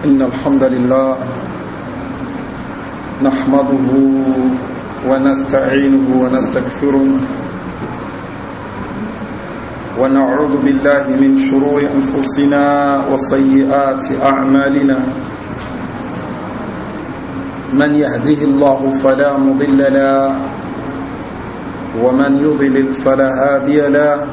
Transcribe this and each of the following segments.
إن الحمد لله نحمده ونستعينه ونستكفره ونعوذ بالله من شرور أنفسنا وسيئات أعمالنا من يهده الله فلا مضل له ومن يضلل فلا هادي له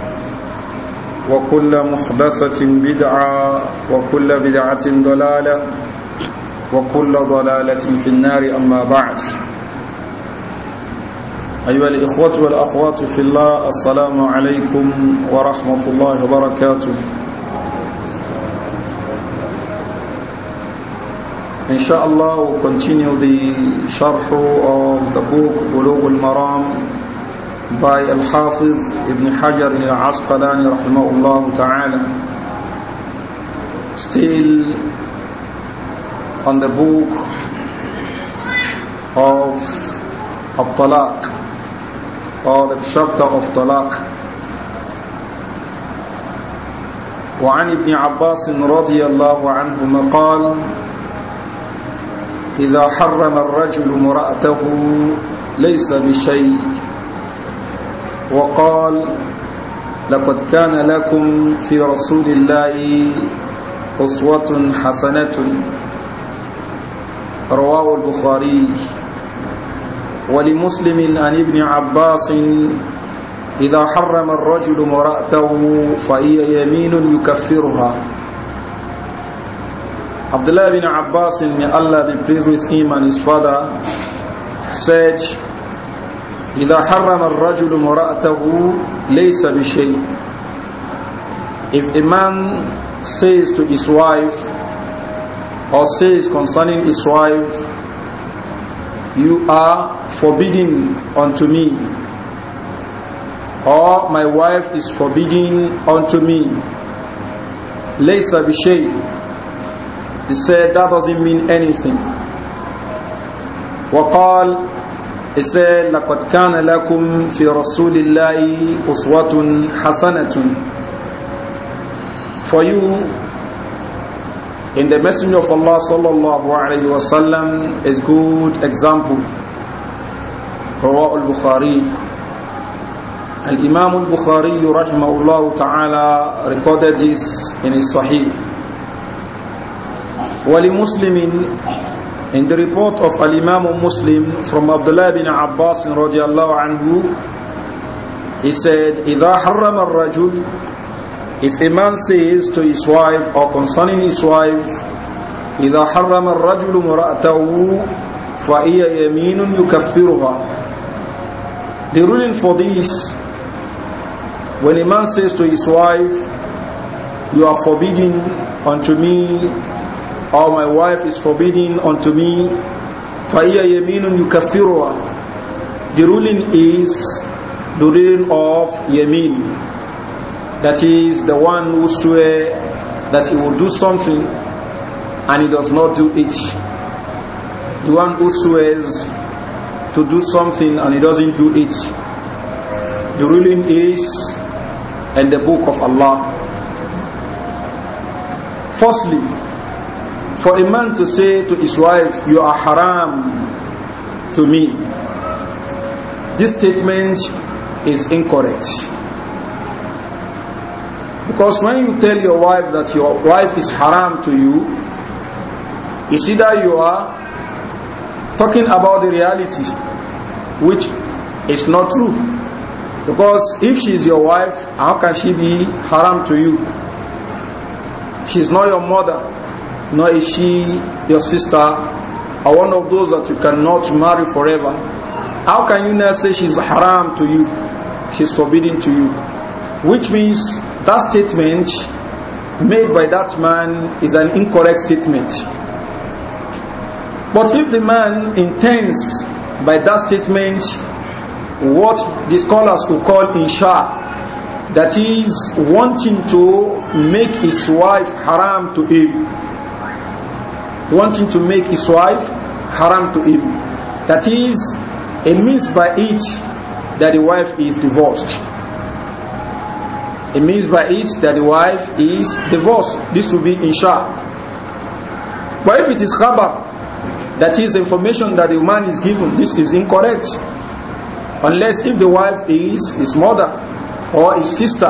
وكل مخبصة بدعة وكل بدعة ضلالة وكل ضلالة في النار أما بعد أيها الإخوة والأخوات في الله السلام عليكم ورحمة الله وبركاته Inshallah, we'll continue the sharh of the book Bulugh al-Maram by Al-Hafiz Ibn Hajar Al-Asqalani تعالى still on the book of الطلاق talaq or the chapter of Talaq وعن ابن عباس رضي الله عنهما قال إذا حرم الرجل مرأته ليس بشيء وقال لقد كان لكم في رسول الله أصوة حسنة رواه البخاري ولمسلم عن ابن عباس إذا حرم الرجل مرأته فهي يمين يكفرها Abdullah bin Abbas may Allah be pleased with him and his father said إذا حرم الرجل مرأته ليس بشيء If a man says to his wife or says concerning his wife you are forbidden unto me or my wife is forbidden unto me ليس بشيء He said that doesn't mean anything وقال ìsẹ́ laqad kana lakum fi rasulillahi uswatun hasanatun for you in the messenger of Allah sallallahu alayhi wa sallam is good example رواه البخاري Al-Imam al-Bukhari rahimahullah ta'ala recorded this in his Sahih. Wali Muslimin In the report of Al-Imam Muslim from Abdullah bin Abbas radiallahu anhu, he said, إِذَا حَرَّمَ الرَّجُلُ If a man says to his wife or concerning his wife, إِذَا حَرَّمَ الرَّجُلُ مُرَأْتَهُ فَإِيَ يَمِينٌ يُكَفِّرُهَا The ruling for this, when a man says to his wife, You are forbidden unto me or my wife is forbidding unto me, فَإِيَا يَمِينٌ يُكَفِّرُهَا The ruling is the ruling of Yamin. That is the one who swear that he will do something and he does not do it. The one who swears to do something and he doesn't do it. The ruling is in the book of Allah. Firstly, for a man to say to his wife, You are haram to me, this statement is incorrect. Because when you tell your wife that your wife is haram to you, it's either you are talking about the reality, which is not true. Because if she is your wife, how can she be haram to you? She is not your mother nor is she your sister, or one of those that you cannot marry forever. How can you now say she's haram to you? She's forbidden to you. Which means that statement made by that man is an incorrect statement. But if the man intends by that statement what the scholars would call insha, that is wanting to make his wife haram to him, wanting to make his wife haram to him. That is, it means by it that the wife is divorced. It means by it that the wife is divorced. This will be insha. But if it is khabar, that is information that the man is given, this is incorrect. Unless if the wife is his mother or his sister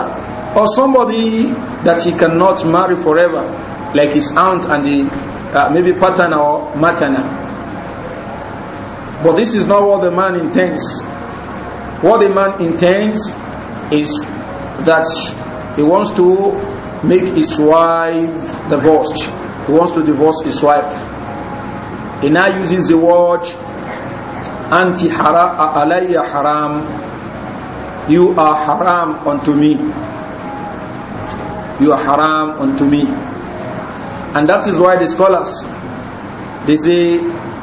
or somebody that he cannot marry forever, like his aunt and the uh, maybe patana or matana. But this is not what the man intends. What the man intends is that he wants to make his wife divorced. He wants to divorce his wife. He now uses the word anti haram you are haram unto me you are haram unto me and that is why the scholars, they say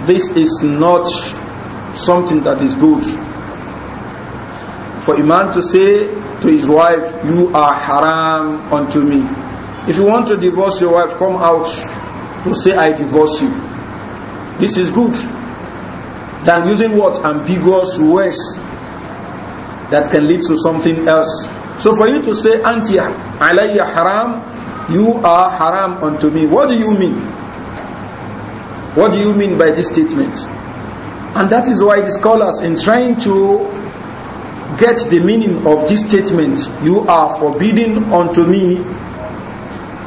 this is not something that is good. For a man to say to his wife, you are haram unto me. If you want to divorce your wife, come out to say I divorce you. This is good. Than using what? Ambiguous words that can lead to something else. So for you to say, "Antia, alayya haram, you are haram unto me. What do you mean? What do you mean by this statement? And that is why the scholars, in trying to get the meaning of this statement, you are forbidden unto me,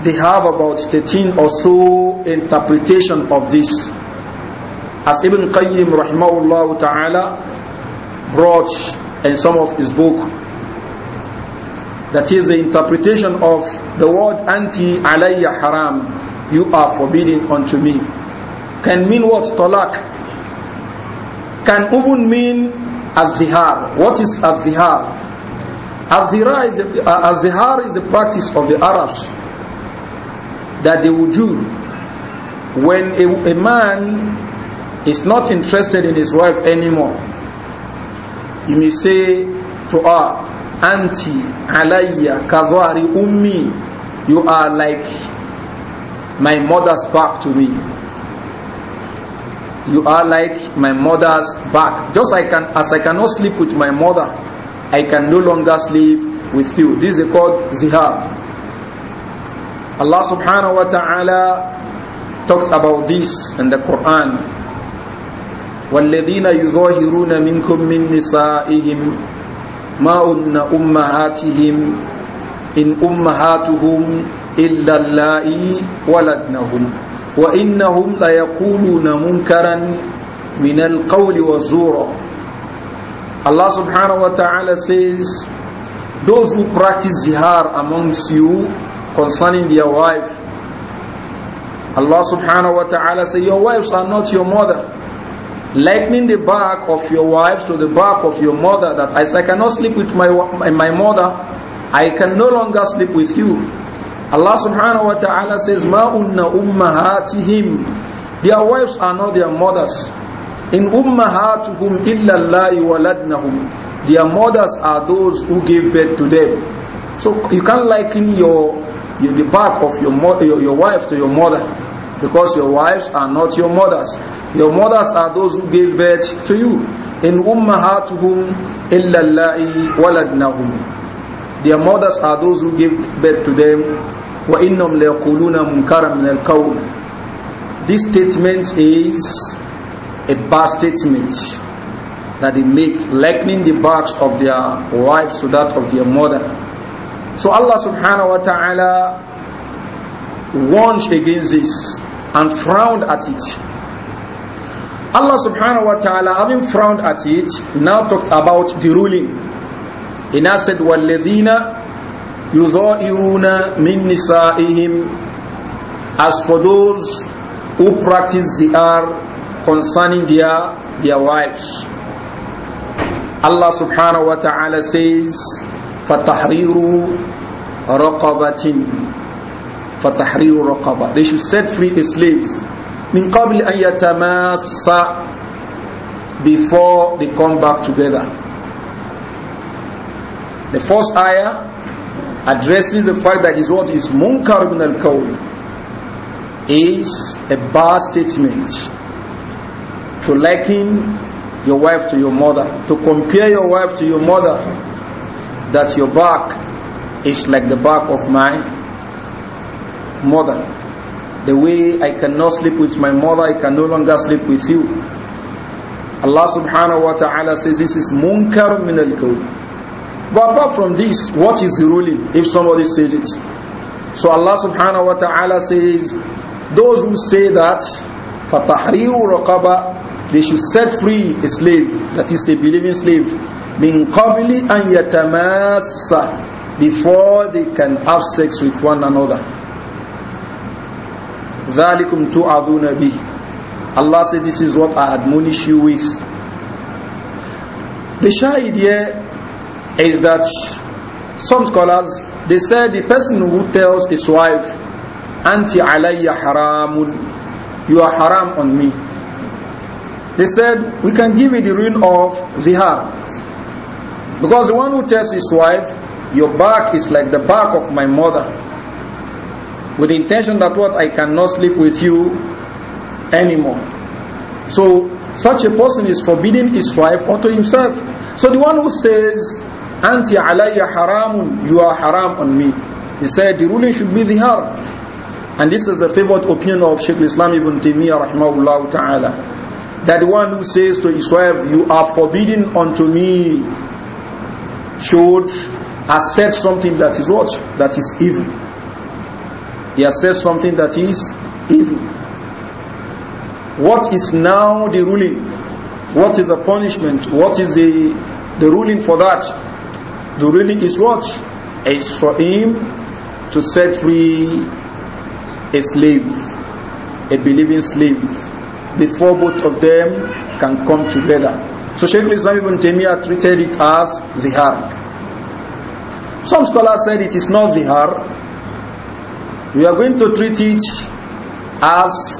they have about 13 or so interpretation of this. As Ibn Qayyim rahimahullah ta'ala brought in some of his book, that is the interpretation of the word anti alayya haram. You are forbidden unto me. Can mean what? Talak. Can even mean azihar. What is azihar? Azihar is, a, uh, is a practice of the Arabs that they would do when a, a man is not interested in his wife anymore. He may say to her, anti alayya kadhari ummi you are like my mother's back to me you are like my mother's back just I can as I cannot sleep with my mother I can no longer sleep with you this is called zihar Allah subhanahu wa ta'ala talked about this in the Quran والذين يظاهرون منكم من نسائهم ما أن أمهاتهم إن أمهاتهم إلا اللائي ولدنهم وإنهم ليقولون منكرا من القول والزور Allah subhanahu wa ta'ala says those who practice zihar amongst you concerning their wife Allah subhanahu wa ta'ala says your wives are not your mother likening the back of your wives to the back of your mother that as I cannot sleep with my, my mother, I can no longer sleep with you. Allah subhanahu wa ta'ala says, مَا ummahatihim." Their wives are not their mothers. In أُمَّهَاتُهُمْ إِلَّا اللَّهِ وَلَدْنَهُمْ Their mothers are those who gave birth to them. So you can't liken your, your the back of your, mother, your, your wife to your mother because your wives are not your mothers. Your mothers are those who gave birth to you. In ummahatuhum illallai waladnahum. Their mothers are those who gave birth to them. Wa وَإِنَّهُمْ لَيَقُولُونَ مُنْكَرًا مِنَ الْقَوْلِ This statement is a bad statement that they make, likening the backs of their wives to that of their mother. So Allah subhanahu wa ta'ala warns against this and frowned at it. Allah subhanahu wa ta'ala, having frowned at it, now talked about the ruling. He now said, وَالَّذِينَ يُظَائِرُونَ مِن نِسَائِهِمْ As for those who practice the art concerning their, their wives. Allah subhanahu wa ta'ala says, فَتَحْرِيرُ رَقَبَةٍ فَتَحْرِيرُ رَقَبَةٍ They should set free a slave. مِنْ قَبْلِ أَنْ يَتَمَاسَ Before they come back together. The first ayah addresses the fact that is what is munkar min al-kawl is a bad statement to liken your wife to your mother, to compare your wife to your mother, that your back is like the back of my mother. The way I cannot sleep with my mother, I can no longer sleep with you. Allah subhanahu wa ta'ala says this is munkar min al -kaw. But apart from this, what is the ruling if somebody says it? So Allah subhanahu wa ta'ala says, those who say that, فَتَحْرِيُ رَقَبَ They should set free a slave, that is a believing slave, مِنْ قَبْلِ أَنْ يَتَمَاسَ Before they can have sex with one another. ذَلِكُمْ بِهِ Allah said this is what I admonish you with. The shahid here is that some scholars, they say the person who tells his wife, Anti alayya haramun, you are haram on me. They said, we can give you the ruin of zihar. Because the one who tells his wife, your back is like the back of my mother with the intention that what I cannot sleep with you anymore. So such a person is forbidding his wife unto himself. So the one who says, Anti alayya haramun, you are haram on me. He said the ruling should be the har. And this is the favorite opinion of Sheikh Islam ibn Taymiyyah rahimahullah ta'ala. That the one who says to his wife, you are forbidden unto me, should accept something that is what? That is evil. He has said something that is evil. What is now the ruling? What is the punishment? What is the, the ruling for that? The ruling is what? It's for him to set free a slave, a believing slave, before both of them can come together. So Sheikh Islam ibn Taymiyyah treated it as zihar. Some scholars said it is not zihar, we are going to treat it as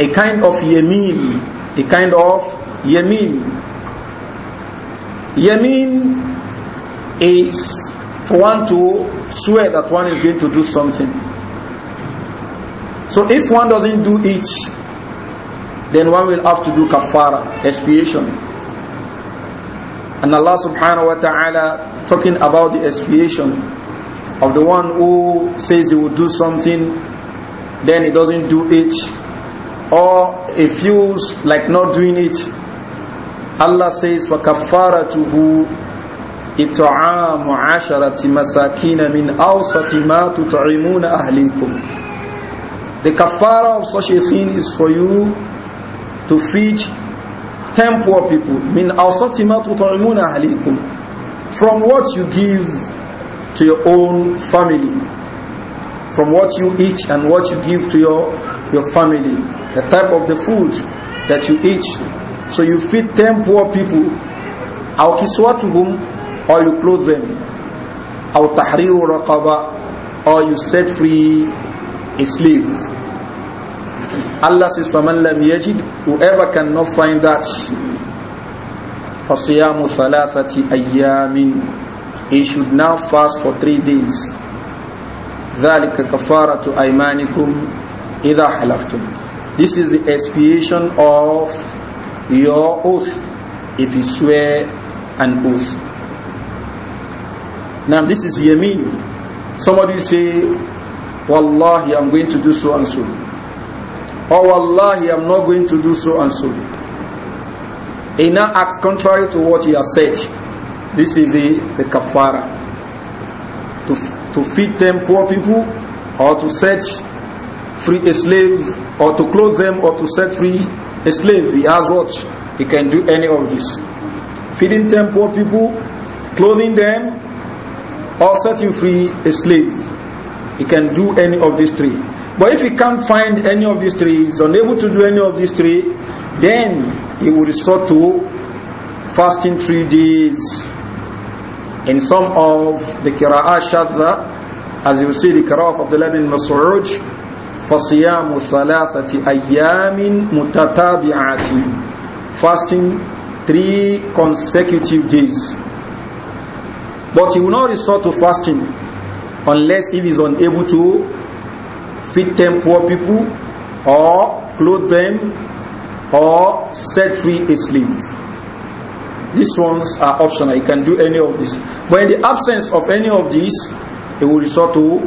a kind of yamin, a kind of yamin. Yamin is for one to swear that one is going to do something. So if one doesn't do it, then one will have to do kafara, expiation. And Allah subhanahu wa ta'ala talking about the expiation of the one who says he will do something, then he doesn't do it, or he feels like not doing it. Allah says, فَكَفَّارَتُهُ إِطْعَامُ عَشَرَةِ مَسَاكِينَ مِنْ أَوْسَطِ مَا تُطْعِمُونَ أَهْلِيكُمْ The kafara of such a thing is for you to feed ten poor people. مِنْ أَوْسَطِ مَا تُطْعِمُونَ أَهْلِيكُمْ From what you give to your own family from what you eat and what you give to your your family the type of the food that you eat so you feed 10 poor people أو كسوتهم or you clothe them أو تحرير رقبة or you set free a slave Allah says فَمَنْ لَمْ يَجِدْ whoever cannot find that فَصِيَامُ ثَلَاثَةِ أَيَّامٍ he should now fast for three days. ذَلِكَ كَفَارَةُ أَيْمَانِكُمْ إِذَا حَلَفْتُمْ This is the expiation of your oath if you swear an oath. Now this is yameen. Somebody say, Wallahi, I'm going to do so and so. Or Wallahi, I'm not going to do so and so. He now acts contrary to what he has said. This is the, the kafara. To, to feed them poor people or to set free a slave or to clothe them or to set free a slave. He has what? He can do any of this. Feeding them poor people, clothing them, or setting free a slave. He can do any of these three. But if he can't find any of these three, is unable to do any of these three, then he will resort to fasting three days in some of the Qira'ah Shadda, as you see the Qira'ah of Abdullah bin Mas'ud, فَصِيَامُ ثَلَاثَةِ أَيَّامٍ مُتَتَابِعَةٍ Fasting three consecutive days. But he will not resort to fasting unless he is unable to feed them poor people or clothe them or set free a slave. These ones are optional. You can do any of these. But in the absence of any of these, it will resort to,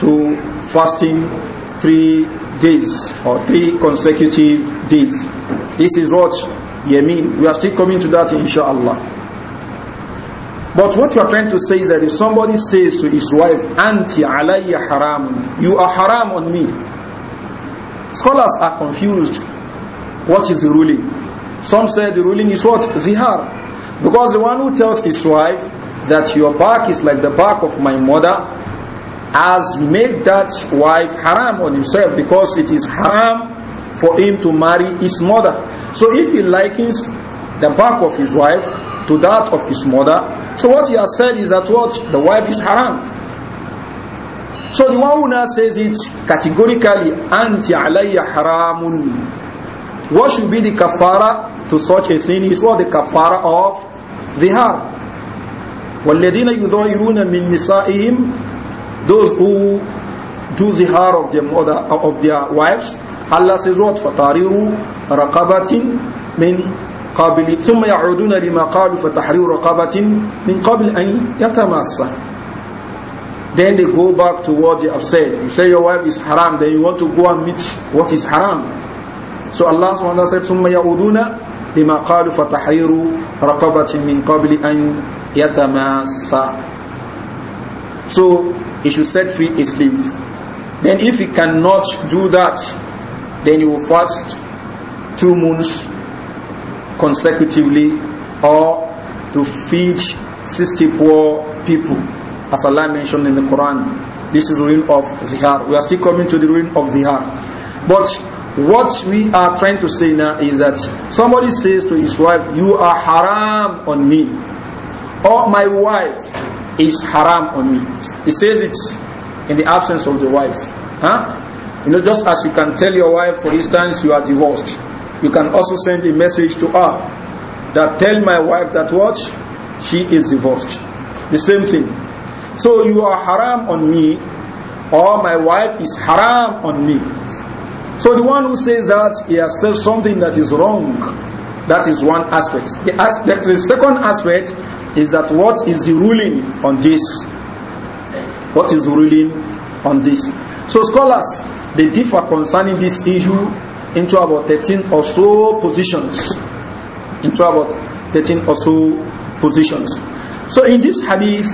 to fasting three days or three consecutive days. This is what Yemin. We are still coming to that inshallah. But what you are trying to say is that if somebody says to his wife, Anti alayya haram, you are haram on me. Scholars are confused. What is the ruling? Some say the ruling is what? Zihar. Because the one who tells his wife that your back is like the back of my mother has made that wife haram on himself because it is haram for him to marry his mother. So if he likens the back of his wife to that of his mother, so what he has said is that what? The wife is haram. So the one who now says it categorically, anti alayya haramun, what should be the kafara to such a sin is what the kafara of zihar. وَالَّذِينَ مِن نِسَائِهِمْ Those who do zihar of their mother, of their wives, Allah says what? فَتَارِرُوا رَقَبَةٍ مِنْ قَابِلِ ثُمَّ يَعُودُونَ لِمَا قَالُوا فَتَحْرِيرُ رَقَبَةٍ مِنْ قَابِلِ أَنْ يَتَمَسَّ Then they go back to what they have said. You say your wife is haram, then you want to go and meet what is haram. So Allah SWT said, ثُمَّ يَعُودُونَ لِمَا قَالُوا فَتَحْرِيرُ رَقَبَةٍ مِّن قَبْلِ أَن يَتَمَاسَ So he should set free his limbs. Then if he cannot do that, then he will fast two moons consecutively or to feed 60 poor people as Allah mentioned in the Quran this is the ruin of Zihar we are still coming to the ruin of Zihar but what we are trying to say now is that somebody says to his wife, you are haram on me. Or my wife is haram on me. He says it in the absence of the wife. Huh? You know, just as you can tell your wife, for instance, you are divorced. You can also send a message to her that tell my wife that what? She is divorced. The same thing. So you are haram on me or my wife is haram on me. So the one who says that he has said something that is wrong, that is one aspect. The, aspect. the, second aspect is that what is the ruling on this? What is ruling on this? So scholars, they differ concerning this issue into about 13 or so positions. Into about 13 or so positions. So in this hadith,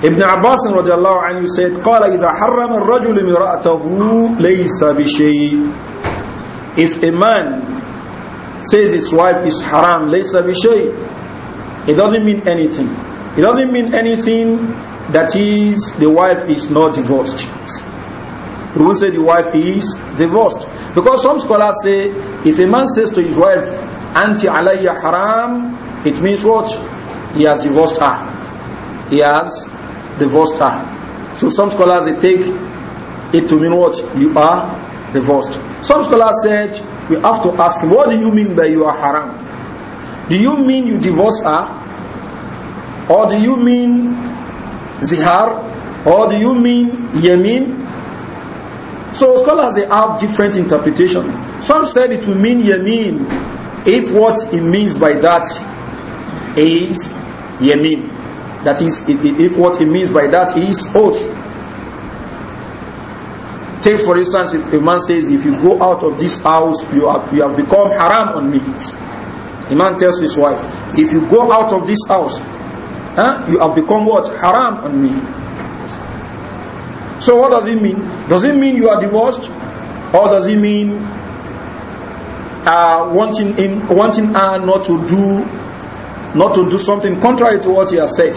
Ibn Abbas radiallahu anhu said, قَالَ إِذَا حَرَّمَ الرَّجُلِ مِرَأَتَهُ لَيْسَ بِشَيْءٍ If a man says his wife is haram, لَيْسَ بِشَيْءٍ It doesn't mean anything. It doesn't mean anything that is, the wife is not divorced. We will say the wife is divorced. Because some scholars say, if a man says to his wife, Anti alayya haram, it means what? He has divorced her. He has divorced her. So some scholars they take it to mean what? You are divorced. Some scholars said we have to ask him, what do you mean by you are haram? Do you mean you divorce her? Or do you mean zihar? Or do you mean yamin? So scholars they have different interpretation. Some said it will mean yamin if what it means by that is yamin. That is, if what he means by that is oath. Take for instance, if a man says, if you go out of this house, you have, you have become haram on me. The man tells his wife, if you go out of this house, huh, you have become what? Haram on me. So what does it mean? Does it mean you are divorced? Or does it mean uh, wanting, him, wanting her not to do not to do something contrary to what he has said.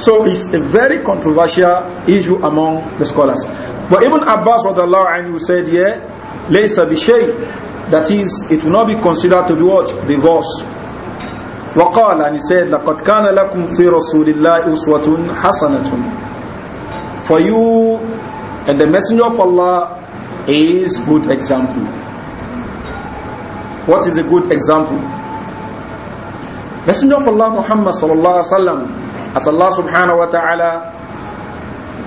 So it's a very controversial issue among the scholars. But even Abbas you said, yeah, laysa bishay, that is, it will not be considered to be what? Divorce. وقال and he said, لَقَدْ كَانَ لَكُمْ فِي رَسُولِ اللَّهِ أُسْوَةٌ حَسَنَةٌ For you and the Messenger of Allah is good example. What is a good example? Messenger of Allah Muhammad sallallahu alaihi wasallam, as Allah subhanahu wa taala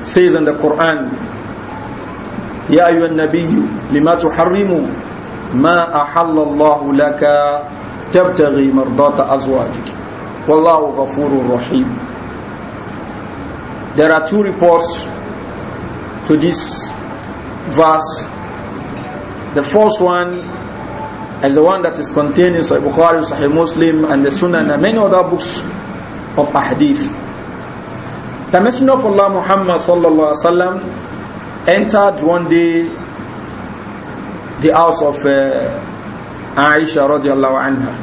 says in the Quran, "Ya أيها النبي لما تحرم ما أحل الله لك تبتغي مرضات أزواجك والله غفور رحيم There are two reports to this verse. The first one as the one that is contained in Sahih Bukhari, Sahih Muslim, and the Sunan, and many other books of Ahadith. The Messenger of Allah Muhammad sallallahu alaihi wasallam entered one day the house of uh, Aisha radiallahu anha.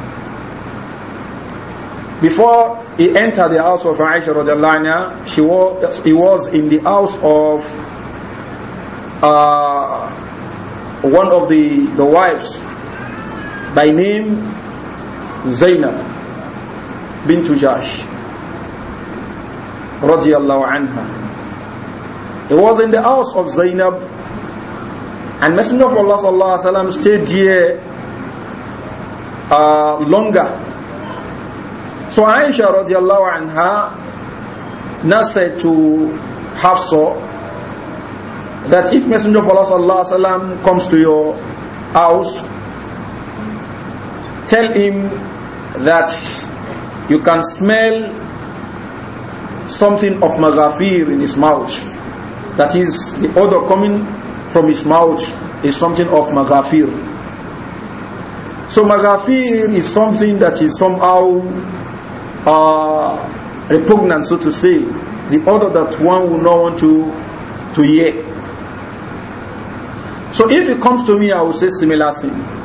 Before he entered the house of Aisha radiallahu anha, she was, he was in the house of uh, one of the, the wives by name Zainab bint Jash radiallahu anha. He was in the house of Zainab and Messenger of Allah sallallahu alaihi wasallam stayed here uh, longer. So Aisha radiallahu anha now said to Hafsa that if Messenger of Allah sallallahu alaihi wasallam comes to your house tell him that you can smell something of magafir in his mouth. That is, the odor coming from his mouth is something of magafir. So magafir is something that is somehow uh, repugnant, so to say, the odor that one would not want to to hear. So if it comes to me, I will say similar thing.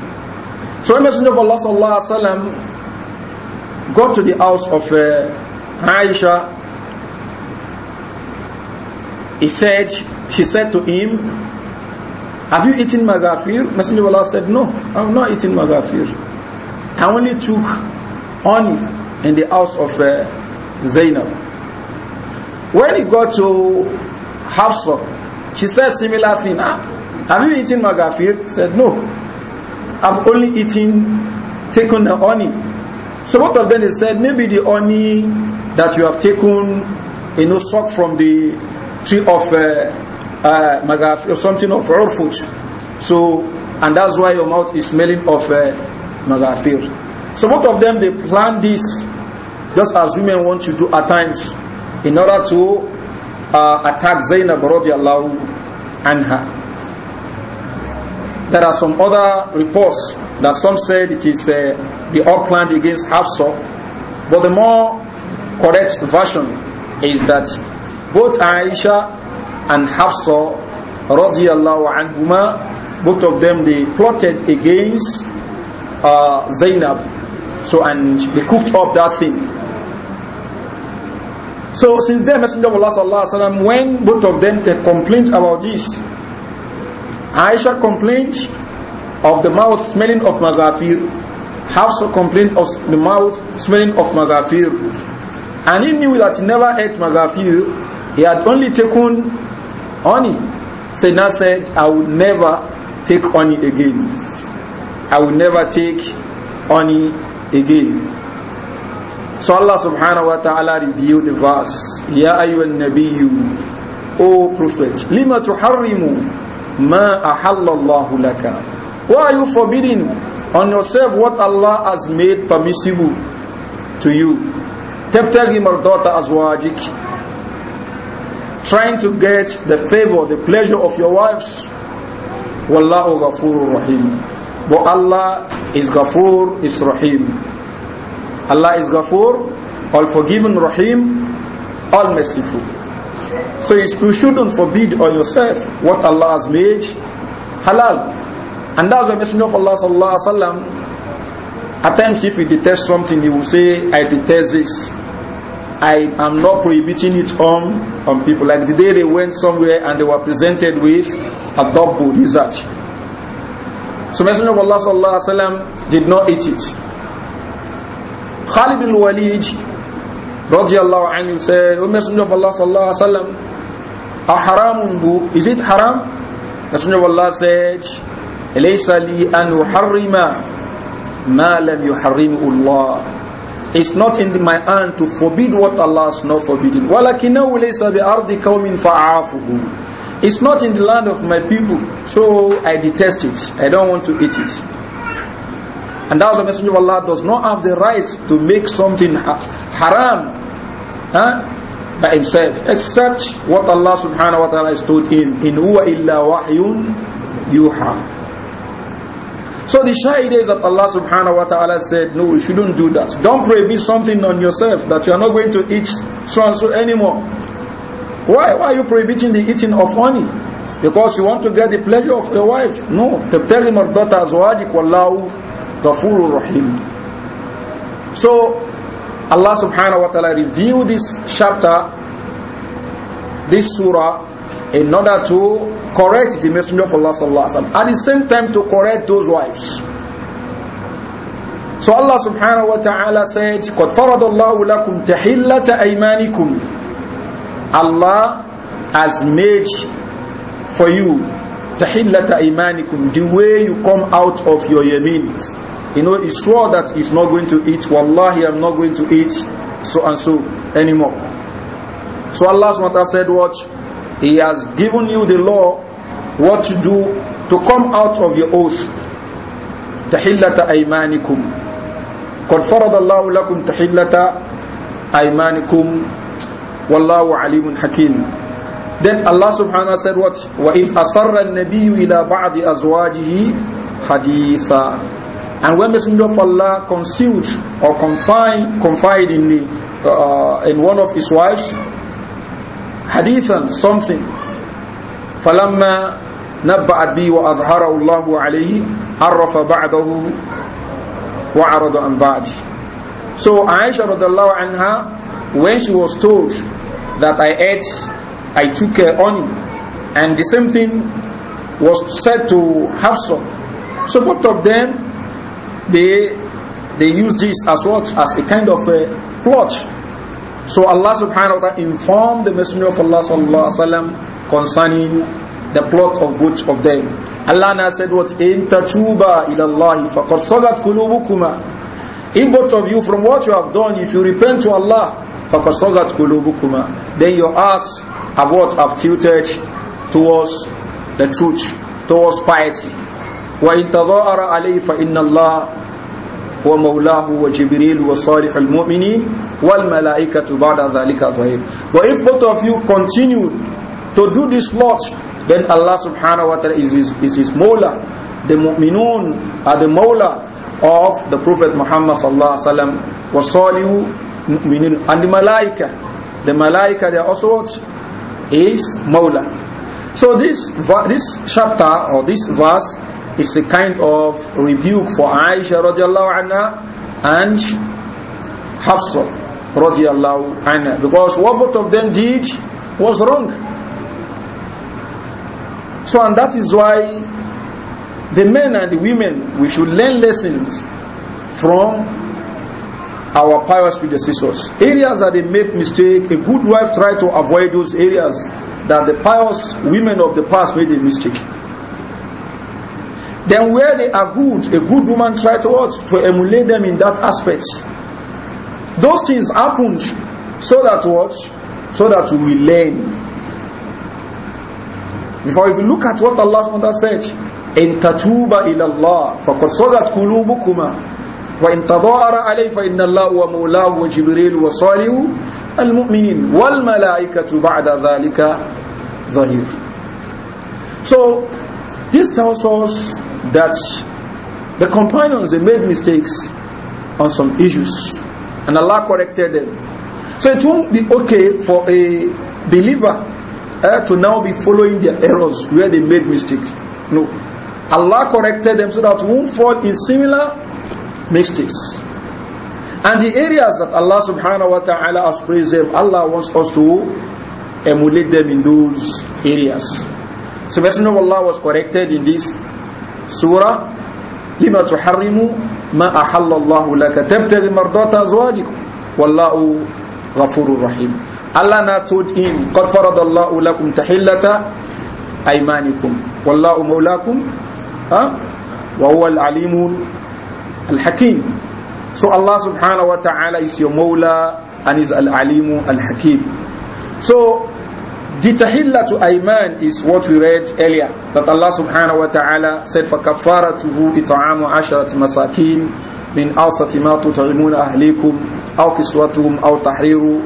So the Messenger of Allah sallallahu alaihi wasallam got to the house of uh, Aisha. He said, she said to him, "Have you eaten magafir?" Messenger of Allah said, "No, I've not eaten magafir. I only took honey in the house of uh, Zainab." When he got to Hafsa, she said similar thing. Ah, have you eaten magafir? He said no. have only eaten, taken the honey. So both of them they said, maybe the honey that you have taken, you know, sucked from the tree of uh, uh magaf uh, or something of raw food. So, and that's why your mouth is smelling of uh, magafir. So both of them they plan this, just as women want to do at times, in order to uh, attack Zainab radiallahu anha. There are some other reports that some said it is uh, the upland against Hafsa. But the more correct version is that both Aisha and Hafsa radiallahu anhuma, both of them they plotted against uh, Zainab. So and they cooked up that thing. So since then Messenger of Allah sallallahu alaihi wasallam, when both of them they complained about this, Aisha complained of the mouth smelling of mazafir. Hafsa complained of the mouth smelling of mazafir. And he knew that he never ate mazafir. He had only taken honey. Sayyidina said, I will never take honey again. I will never take honey again. So Allah subhanahu wa ta'ala revealed the verse, Ya ayyuhan nabiyyu, O Prophet, lima tuharrimu ma ahallallahu laka. Why are you forbidding on yourself what Allah has made permissible to you? Tabtaghi mardata azwajik. Trying to get the favor, the pleasure of your wives. Wallahu ghafurur rahim. But Allah is ghafur, is rahim. Allah is ghafur, all forgiving, rahim, all merciful. So you shouldn't forbid on yourself what Allah has made halal. And that's why Messenger of Allah sallallahu alaihi wasallam, at times if he detests something, he will say, I detest this. I am not prohibiting it on, on people. Like the day they went somewhere and they were presented with a double lizard. So Messenger of Allah sallallahu alaihi wasallam did not eat it. Khalid bin Walid radiallahu anhu said, O Messenger of Allah sallallahu alaihi wasallam, أحرام Is it haram? Messenger of Allah said, ليس li أن أحرم ما لم يحرمه الله It's not in my hand to forbid what Allah has not forbidden. ولكنه bi بأرض قوم faafuhu. It's not in the land of my people, so I detest it. I don't want to eat it. And that's the Messenger of Allah does not have the right to make something haram huh, by himself, except what Allah subhanahu wa ta'ala has told him, in huwa illa wahyun yuha. So the shahid is that Allah subhanahu wa ta'ala said, no, you shouldn't do that. Don't prohibit something on yourself that you are not going to eat so and so anymore. Why, why are you prohibiting the eating of honey? Because you want to get the pleasure of your wife? No. تَبْتَغِي مَرْضَةَ أَزْوَاجِكَ وَاللَّهُ غَفُورٌ rahim So, Allah subhanahu wa ta'ala revealed this chapter, this surah, in order to correct the Messenger of Allah sallallahu alaihi wasallam. At the same time to correct those wives. So Allah subhanahu wa ta'ala said, قَدْ فَرَضَ اللَّهُ لَكُمْ تَحِلَّةَ أَيْمَانِكُمْ Allah has made for you تَحِلَّةَ أَيْمَانِكُمْ The way you come out of your yemin. You know, he swore that he's not going to eat. Wallahi, I'm not going to eat so and so anymore. So Allah SWT said, watch, He has given you the law, what to do to come out of your oath. تَحِلَّةَ أَيْمَانِكُمْ قَدْ فَرَضَ اللَّهُ لَكُمْ تَحِلَّةَ أَيْمَانِكُمْ وَاللَّهُ alimun حَكِيمٌ Then Allah subhanahu wa said what? وَإِذْ أَصَرَّ النَّبِيُّ إِلَى بَعْضِ أَزْوَاجِهِ حَدِيثًا and when Messenger of Allah concealed or confide, in, the, uh, in one of his wives, hadithan, something, فَلَمَّا نبأت به وأظهره الله عليه عرف بعده وعرض عن بعد So Aisha radiallahu anha when she was told that I ate I took uh, honey and the same thing was said to Hafsa so both of them they they use this as what as a kind of a plot. So Allah subhanahu wa ta'ala informed the Messenger of Allah sallallahu alaihi wasallam concerning the plot of both of them. Allah now said what in tatuba ilallahi faqad sagat qulubukuma. If both of you from what you have done if you repent to Allah faqad sagat qulubukuma then your hearts have what have tilted towards the truth towards piety. Wa in tadhara alayhi اللَّهَ ومولاه وجبريل وصالح المؤمنين والملائكة بعد ذلك ظهير But if both of you continue to do this lot, then Allah subhanahu wa ta'ala is, is, is his mawla. The mu'minun are the mawla of the Prophet Muhammad sallallahu alaihi wasallam وَصَالِحُ مُؤْمِنِينَ And the malaika, the malaika they are also what? Is mawla. So this, this chapter or this verse it's a kind of rebuke for Aisha radiallahu anha and Hafsa radiallahu anha. Because what both of them did was wrong. So and that is why the men and the women, we should learn lessons from our pious predecessors. Areas that they make mistake, a good wife try to avoid those areas that the pious women of the past made a mistake. Then where they are good, a good woman try to To emulate them in that aspect. Those things happened so that what? So that we learn. Before if you look at what Allah SWT said, in tatuba Allah, faqad sagat kulubukuma wa in tadha'ara alayhi fa inna Allah wa mawlahu wa jibril wa salihu al-mu'minin wal malaikatu ba'da dhalika dhahir. So this tells us that the companions they made mistakes on some issues and Allah corrected them. So it won't be okay for a believer uh, to now be following their errors where they made mistake. No. Allah corrected them so that won't fall in similar mistakes. And the areas that Allah subhanahu wa ta'ala has praised them, Allah wants us to emulate them in those areas. So Messenger of Allah was corrected in this سورة لما تحرم ما أحل الله لك تبتغي مرضات أزواجكم والله غفور رحيم Allah now told him قد فرض الله لكم تحلة أيمانكم والله مولاكم ها وهو العليم الحكيم So Allah subhanahu wa ta'ala is your Mawla and is The tahilla to Ayman is what we read earlier that Allah subhanahu wa ta'ala said for who it'amu asharat masakin min awsati ma tut'imuna ahlikum aw kiswatuhum aw tahriru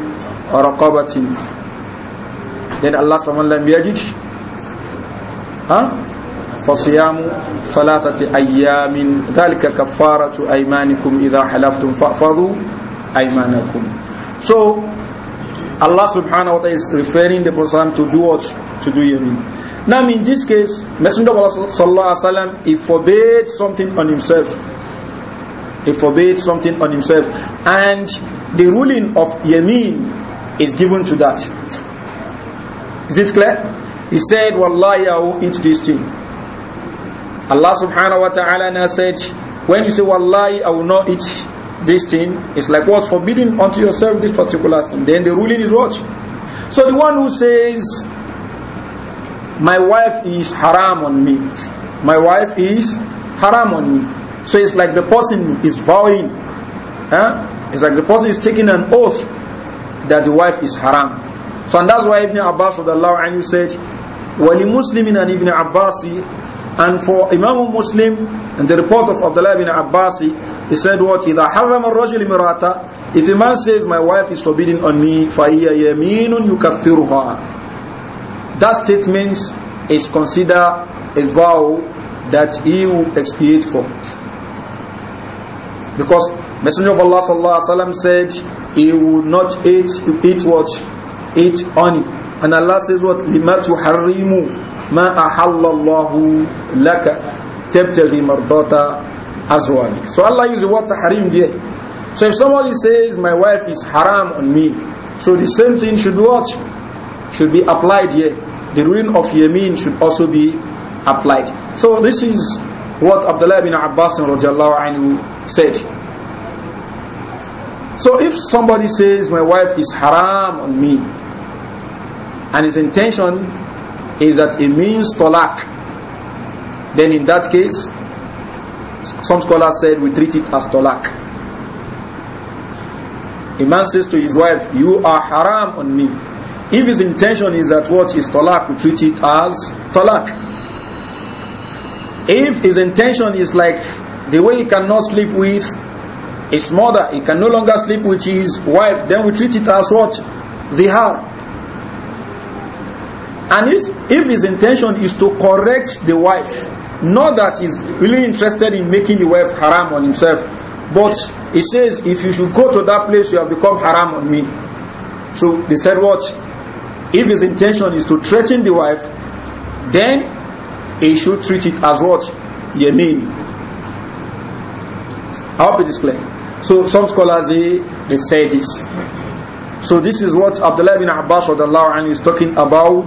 raqabatin then Allah subhanahu wa ta'ala yajid huh? فصيام ثلاثة أيام ذلك كفارة أيمانكم إذا حلفتم فأفضوا أيمانكم So Allah subhanahu wa ta'ala is referring the Prophet to do what? To do yamin. Now in this case, Messenger of Allah sallallahu wa wasallam he forbade something on himself. He forbade something on himself. And the ruling of yamin is given to that. Is it clear? He said, Wallahi, I will eat this thing. Allah subhanahu wa ta'ala now said, when you say Wallahi, I will not eat this thing is like what forbidding unto yourself this particular thing then the ruling is what so the one who says my wife is haram on me my wife is haram on me so it's like the person is vowing huh? it's like the person is taking an oath that the wife is haram so and that's why Ibn Abbas said وَلِمُسْلِمٍ عَنْ ibn Abbas, And for Imam Muslim, and the report of Abdullah ibn Abbas, he said what? إِذَا حَرَّمَ الرَّجُلِ مِرَاتَ If a man says, my wife is forbidden on me, فَهِيَ يَمِينٌ يُكَفِّرُهَا That statement is considered a vow that he will expiate for. Because Messenger of Allah sallallahu alaihi wasallam said, he will not eat, eat what? Eat honey. And Allah says what? لِمَا تُحَرِّمُ مَا أَحَلَّ اللَّهُ لَكَ تَبْتَغِي مَرْضَاتَ أَزْوَانِكَ So Allah uses the word tahrim there. So if somebody says, my wife is haram on me, so the same thing should be what? Should be applied here. The ruin of Yameen should also be applied. So this is what Abdullah bin Abbas anhu said. So if somebody says, my wife is haram on me, and his intention is that it means talak, then in that case, some scholars said we treat it as talak. A man says to his wife, You are haram on me. If his intention is that what is talak, we treat it as talak. If his intention is like the way he cannot sleep with his mother, he can no longer sleep with his wife, then we treat it as what? Zihar. And if his intention is to correct the wife, not that he's really interested in making the wife haram on himself, but he says, if you should go to that place, you have become haram on me. So they said, what? If his intention is to threaten the wife, then he should treat it as what? Yamin. I hope it is clear. So some scholars, they, they say this. So this is what Abdullah bin Abbas anhu is talking about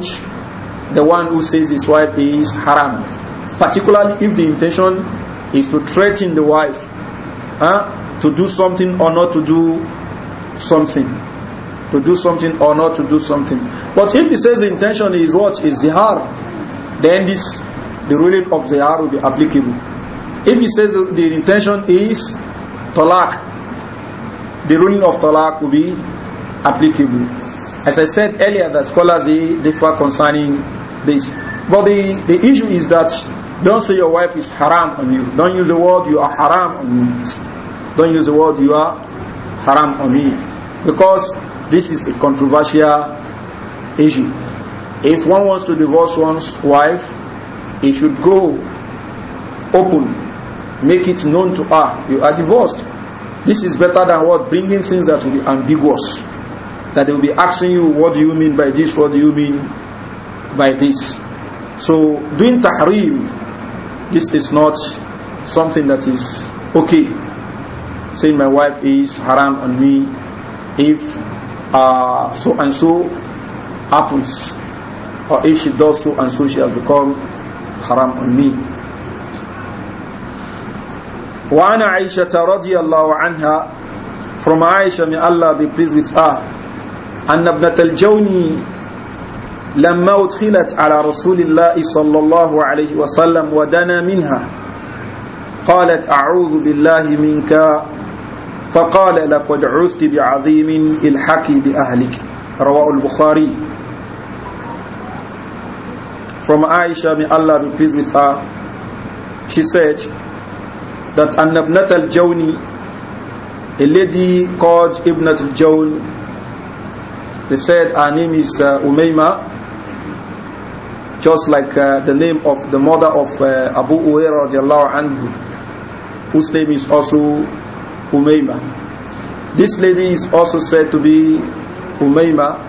the one who says his wife is haram. Particularly if the intention is to threaten the wife huh, to do something or not to do something. To do something or not to do something. But if he says the intention is what? Is zihar, then this the ruling of zihar will be applicable. If he says the, the intention is talak, the ruling of talak will be applicable. As I said earlier, the scholars they differ concerning this. But the, the issue is that don't say your wife is haram on you. Don't use the word you are haram on me. Don't use the word you are haram on me. Because this is a controversial issue. If one wants to divorce one's wife, he should go open, make it known to her. You are divorced. This is better than what bringing things that will be ambiguous. that they will be asking you, what do you mean by this, what do you mean by this. So doing tahrim, this is not something that is okay. Saying my wife is haram on me if uh, so and so happens or if she does so and so she has become haram on me. وعن عائشة رضي الله عنها from Aisha may Allah be pleased with her أن ابنة الجوني لما أدخلت على رسول الله صلى الله عليه وسلم ودنا منها قالت أعوذ بالله منك فقال لقد عثت بعظيم الحكي بأهلك رواه البخاري From Aisha, may Allah be pleased with her, she said that An al-Jawni, a lady called Ibnat al jawni They said her name is uh, Umayma, just like uh, the name of the mother of uh, Abu Uwaira anhu, whose name is also Umayma. This lady is also said to be Umayma.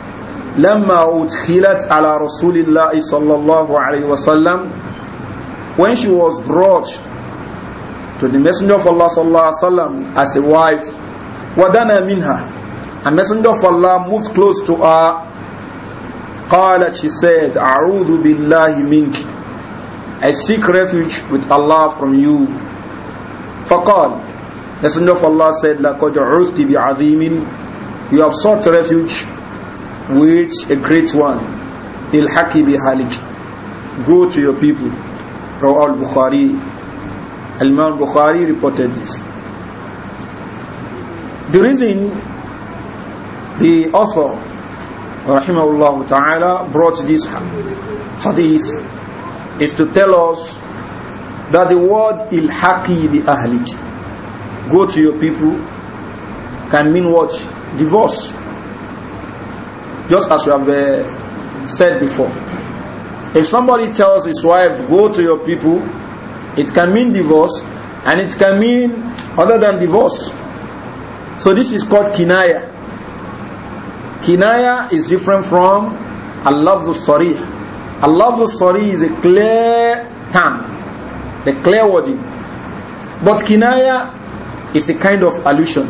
لما أدخلت على رسول الله صلى الله عليه وسلم when she was brought to the messenger of Allah صلى الله عليه وسلم as a wife wadana minha a messenger of Allah moved close to her. قالت, she said, أعوذ بالله منك. I seek refuge with Allah from you. فقال, messenger of Allah said, لَقَدْ عُذْتِ بِعَظِيمٍ You have sought refuge with a great one. إِلْحَكِ halik." Go to your people. Rawal Bukhari. Al Imam Bukhari reported this. The reason the author, rahimahullah ta'ala, brought this hadith is to tell us that the word ilhaqi bi ahlik, go to your people, can mean what? Divorce. Just as we have uh, said before. If somebody tells his wife, go to your people, it can mean divorce and it can mean other than divorce. So this is called kinaya. Kinaya is different from Allah's lafzu Allah's al is a clear term, a clear wording. But Kinaya is a kind of allusion,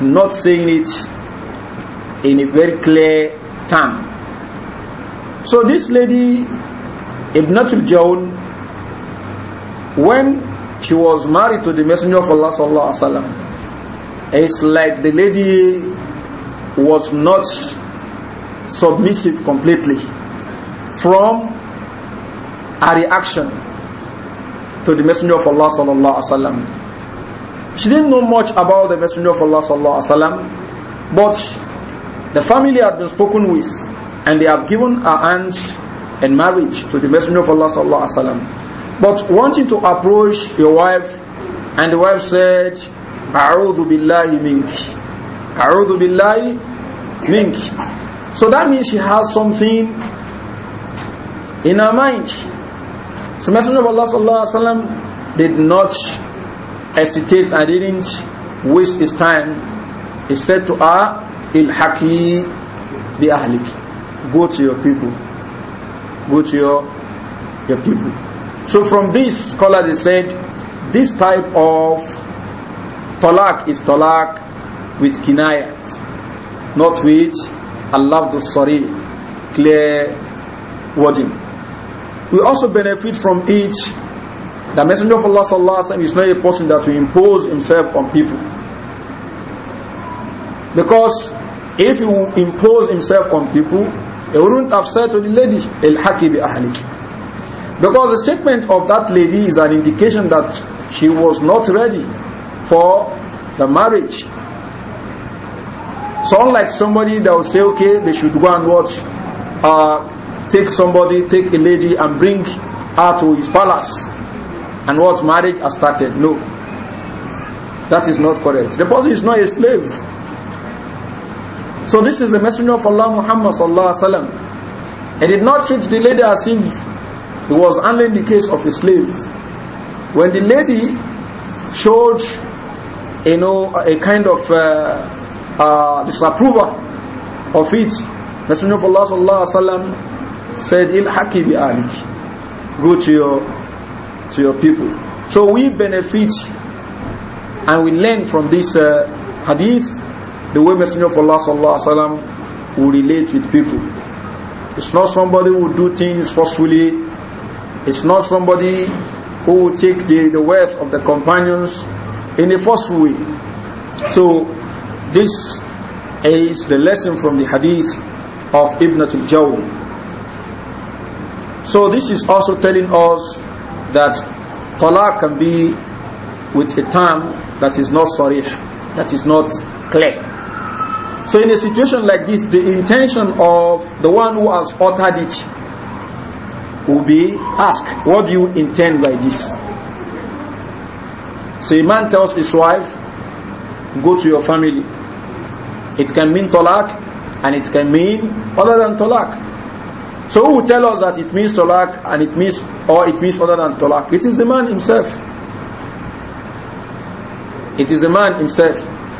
not saying it in a very clear term. So this lady, Ibnatul Jawn, when she was married to the Messenger of Allah sallallahu alaihi wasallam, it's like the lady was not submissive completely from a reaction to the Messenger of Allah sallallahu alaihi wasallam. She didn't know much about the Messenger of Allah sallallahu alaihi wasallam, but the family had been spoken with, and they have given her hands in marriage to the Messenger of Allah sallallahu alaihi wasallam. But wanting to approach your wife, and the wife said, "A'udhu billahi minki." A'udhu billahi mink. So that means she has something in her mind. So Messenger of Allah sallallahu alaihi wasallam did not hesitate and didn't waste his time. He said to her, "Ilhaqi bi ahlik. Go to your people. Go to your your people." So from this scholar they said this type of talak is talak with kinaya, not with Allah the sorry, clear wording. We also benefit from it. The Messenger of Allah sallallahu alaihi wasallam is not a person that will impose himself on people, because if he will impose himself on people, he wouldn't upset to the lady, "El hakibi ahlik." Because the statement of that lady is an indication that she was not ready for the marriage. So unlike somebody that will say, okay, they should go and watch, uh, take somebody, take a lady and bring her to his palace and what marriage has started. No. That is not correct. The person is not a slave. So this is the messenger of Allah Muhammad sallallahu alaihi wasallam. He did not treat the lady as if he was handling the case of a slave. When the lady showed, you know, a kind of uh, uh, disapprover of it. Messenger of Allah sallallahu alaihi wasallam said, "Il haki bi alik." Go to your to your people. So we benefit and we learn from this uh, hadith the way Messenger of Allah sallallahu alaihi wasallam will relate with people. It's not somebody who do things forcefully. It's not somebody who will take the, the wealth of the companions in a forceful way. So this is the lesson from the hadith of Ibn al-Jawm. So this is also telling us that talaq can be with a term that is not sarih, that is not clear. So in a situation like this, the intention of the one who has uttered it will be asked, what do you intend by this? So a man tells his wife, go to your family. It can mean talak, and it can mean other than talak. So who tell us that it means talak and it means or it means other than talak? It is the man himself. It is the man himself.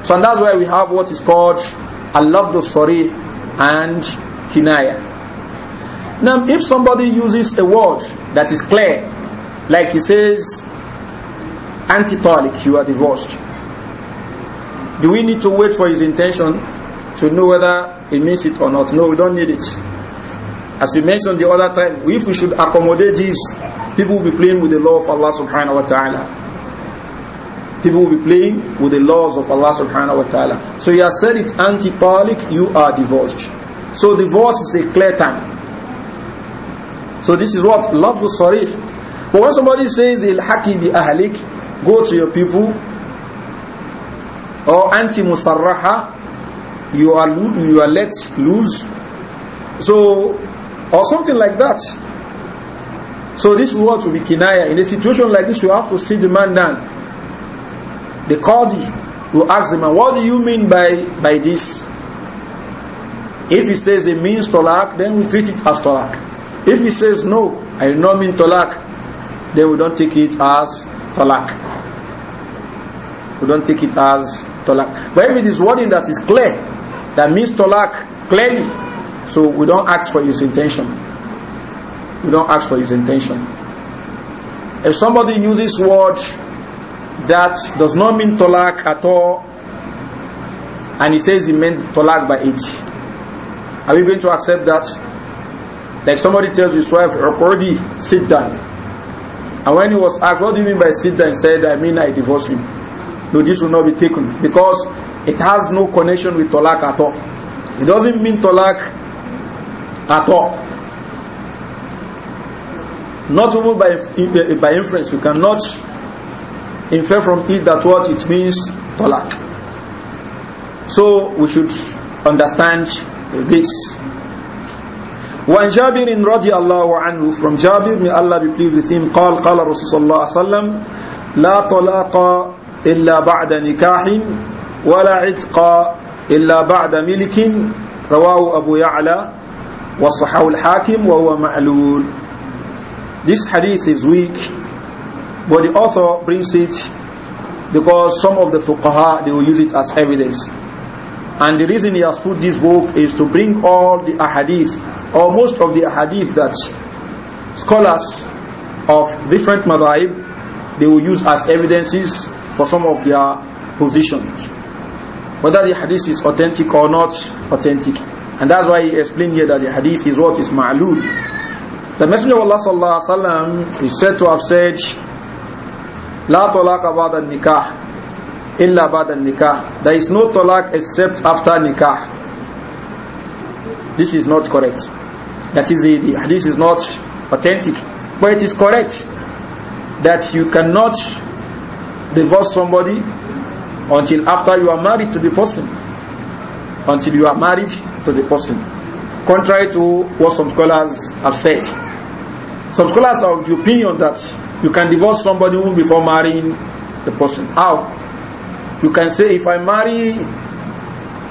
So and that's why we have what is called a love sari and kinaya. Now, if somebody uses a word that is clear, like he says, anti-taliq, you are divorced. Do we need to wait for his intention to know whether he means it or not? No, we don't need it. As we mentioned the other time, if we should accommodate this, people will be playing with the law of Allah subhanahu wa ta'ala. People will be playing with the laws of Allah subhanahu wa ta'ala. So he has said it anti-talik, you are divorced. So divorce is a clear time. So this is what? the sarih. But when somebody says, il haki bi ahlik, go to your people, or anti-musarraha, you are, you are let loose. So, or something like that. So this word will be kinaya. In a situation like this, you have to sit the man down. The qadi will ask the man, what do you mean by, by this? If he says it means talak, then we treat it as talak. If he says no, I do not mean talak, then we don't take it as talak. We don't take it as talak. But if it is wording that is clear, that means talak clearly, so we don't ask for his intention. We don't ask for his intention. If somebody uses word that does not mean talak at all, and he says he meant talak by it, are we going to accept that? Like somebody tells his wife, Rokodi, sit down. And when he was asked, what do you mean by sit down? He said, I mean I divorce him. no, this will not be taken because it has no connection with talak at all. It doesn't mean talak at all. Not even by, by inference, you cannot infer from it that what it means talak. So we should understand this. وعن جابر رضي الله عنه from Jabir may Allah be pleased with him قال قال رسول الله صلى الله عليه وسلم لا طلاق إلا بعد نكاح ولا عتق إلا بعد ملك رواه أبو يعلى وصححه الحاكم وهو معلول This hadith is weak but the author brings it because some of the fuqaha they will use it as evidence and the reason he has put this book is to bring all the ahadith or most of the ahadith that scholars of different madhaib they will use as evidences for some of their positions. Whether the hadith is authentic or not authentic. And that's why he explained here that the hadith is what is ma'lul. The Messenger of Allah sallallahu alaihi wasallam is said to have said, "La talaqa ba'da nikah, illa ba'da nikah." There is no talaq except after nikah. This is not correct. That is, the, the hadith is not authentic, but it is correct that you cannot divorce somebody until after you are married to the person. Until you are married to the person. Contrary to what some scholars have said. Some scholars are of the opinion that you can divorce somebody before marrying the person. How? You can say, if I marry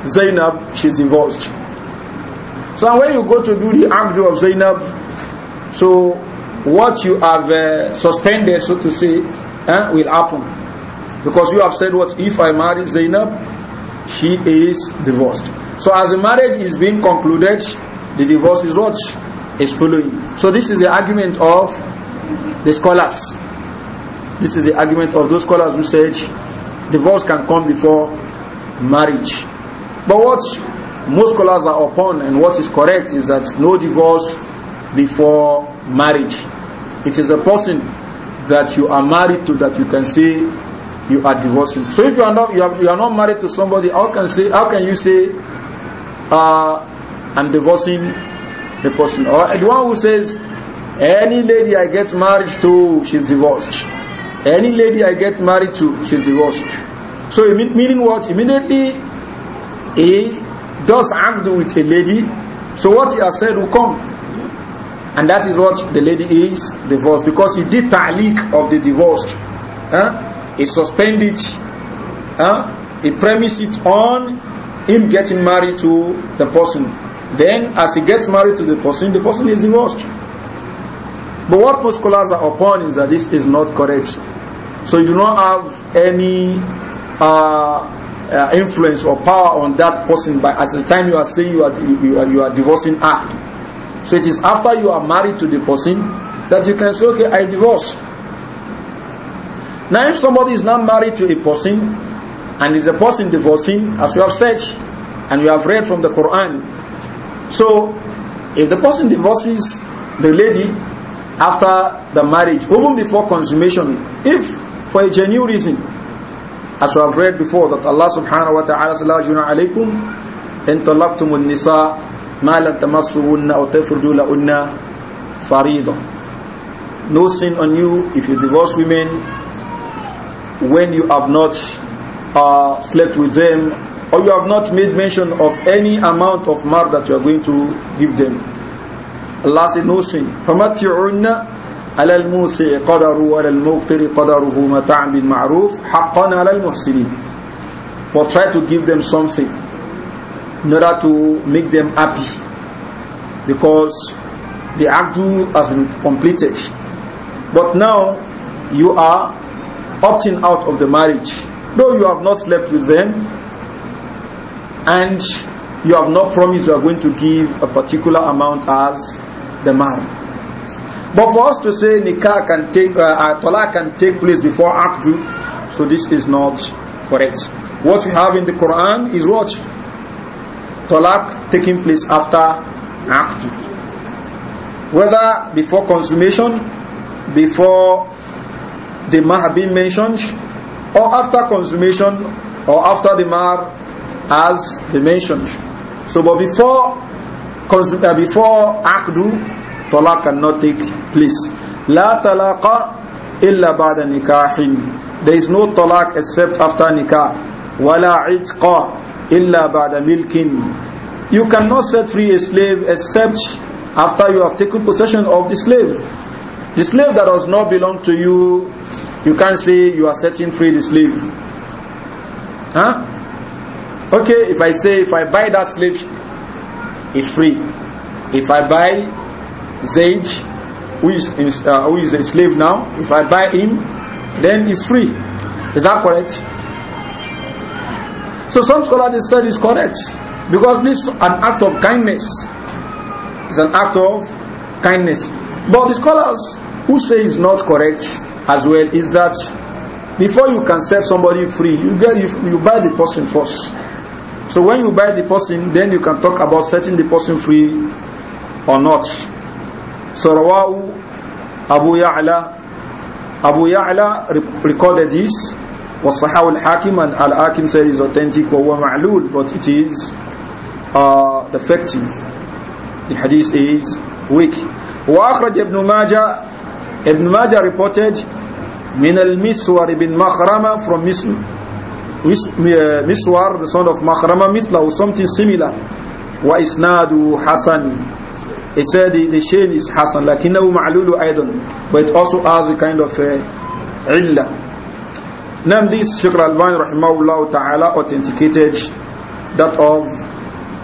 Zainab, she's divorced. So when you go to do the act of Zainab, so what you have uh, suspended, so to say, eh, will happen. Because you have said what? If I marry Zainab, she is divorced. So as the marriage is being concluded, the divorce is what? Is following. So this is the argument of the scholars. This is the argument of those scholars who said divorce can come before marriage. But what most scholars are upon and what is correct is that no divorce before marriage. It is a person that you are married to that you can see. you are divorcing. So if you are not you are, you are not married to somebody, how can say how can you say uh, I'm divorcing the person? Or the one who says any lady I get married to, she's divorced. Any lady I get married to, she's divorced. So meaning what? Immediately he does act with a lady. So what he has said will come. And that is what the lady is divorced because he did ta'liq of the divorced. Huh? he suspend it, huh? he premise it on him getting married to the person. Then as he gets married to the person, the person is divorced. But what most scholars are upon is that this is not correct. So you do not have any uh, uh, influence or power on that person by at the time you are saying you are, you are, you are divorcing her. So it is after you are married to the person that you can say, okay, I divorce. Now if somebody is not married to a person and is a person divorcing, as we have said and you have read from the Quran, so if the person divorces the lady after the marriage, even before consummation, if for a genuine reason, as we have read before that Allah subhanahu wa ta'ala says, لا جناح عليكم إن طلقتم النساء ما لم No sin on you if you divorce women when you have not uh, slept with them or you have not made mention of any amount of mar that you are going to give them. Allah said, no sin. على الموسع قدره وعلى المقتر قدره متاعا بالمعروف حقا على المحسنين or try to give them something in order to make them happy because the abdu has been completed but now you are opting out of the marriage, though you have not slept with them and you have not promised you are going to give a particular amount as the man. But for us to say nikah can take, uh, uh talaq can take place before akdu, so this is not correct. What we have in the Quran is what? Talaq taking place after akdu. Whether before consummation, before the mahar being mentioned or after consummation or after the mahar as they mentioned. So, but before uh, before akdu, talaq cannot take place. La talaqa illa ba'da nikahin. There is no talaq except after nikah. Wala itqa illa ba'da milkin. You cannot set free a slave except after you have taken possession of the slave. The slave that does not belong to you, you can't say you are setting free the slave. Huh? Okay, if I say, if I buy that slave, it's free. If I buy Zaid, who is, in, uh, who is a slave now, if I buy him, then it's free. Is that correct? So some scholars said it's correct because this is an act of kindness. It's an act of kindness. But the scholars who say is not correct as well is that before you can set somebody free, you, get, you, you buy the person first. So when you buy the person, then you can talk about setting the person free or not. So Rawahu Abu Ya'la Abu Ya'la recorded this was Sahih al-Hakim and al-Hakim said is authentic wa huwa ma'lul but it is uh, defective. The hadith is weak. وأخرج ابن ماجه Ibn Majah reported min al-Miswar ibn Makhrama from Mislu. Uh, Miswar, the son of Makhrama, Misla, or something similar. Wa isnadu Hasan. He said the, the chain is Hasan, lakinahu ma'lulu aydan. But it also has a kind of a uh, illah. Now this Shaykh al-Albani rahimahullah ta'ala authenticated that of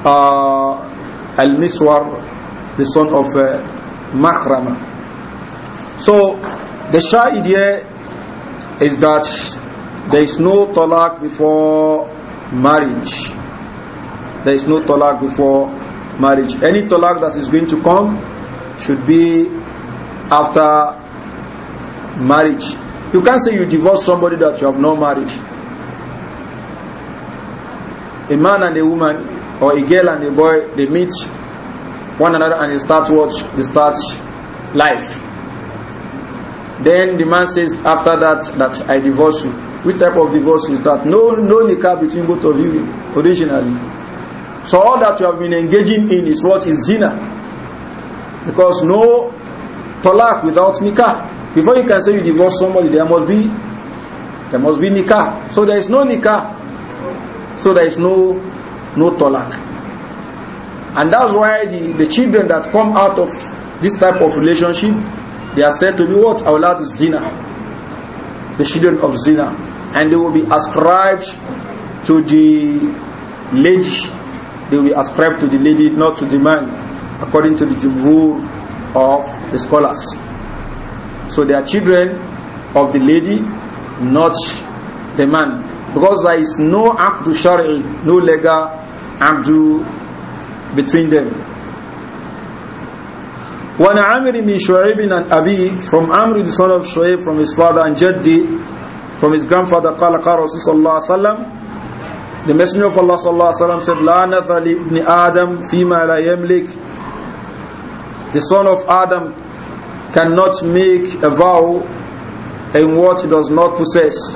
uh, al-Miswar, the son of uh, Makhrama. So the shahid here is that there is no talaq before marriage. There is no talaq before marriage. Any talaq that is going to come should be after marriage. You can't say you divorce somebody that you have not married. A man and a woman, or a girl and a boy, they meet one another and they start watch, They start life. Then the man says, after that, that I divorce you. Which type of divorce is that? No, no nikah between both of you originally. So all that you have been engaging in is what is zina. Because no talak without nikah. Before you can say you divorce somebody, there must be there must be nikah. So there is no nikah. So there is no no talak. And that's why the, the children that come out of this type of relationship, They are said to be what? Awlad Zina. The children of Zina. And they will be ascribed to the lady. They will be ascribed to the lady, not to the man, according to the jumhur of the scholars. So they are children of the lady, not the man. Because there is no akdu shari, no lega abdu between them. وَنْ عَمِرِ مِنْ شُعَيْبٍ and أَبِي From Amr the son of Shu'aib, from his father and Jaddi, from his grandfather, قال قال رسول صلى الله عليه وسلم The messenger of Allah صلى الله عليه وسلم said, لَا نَثَ لِبْنِ آدَمْ فِي مَا لَا يَمْلِكْ The son of Adam cannot make a vow in what he does not possess.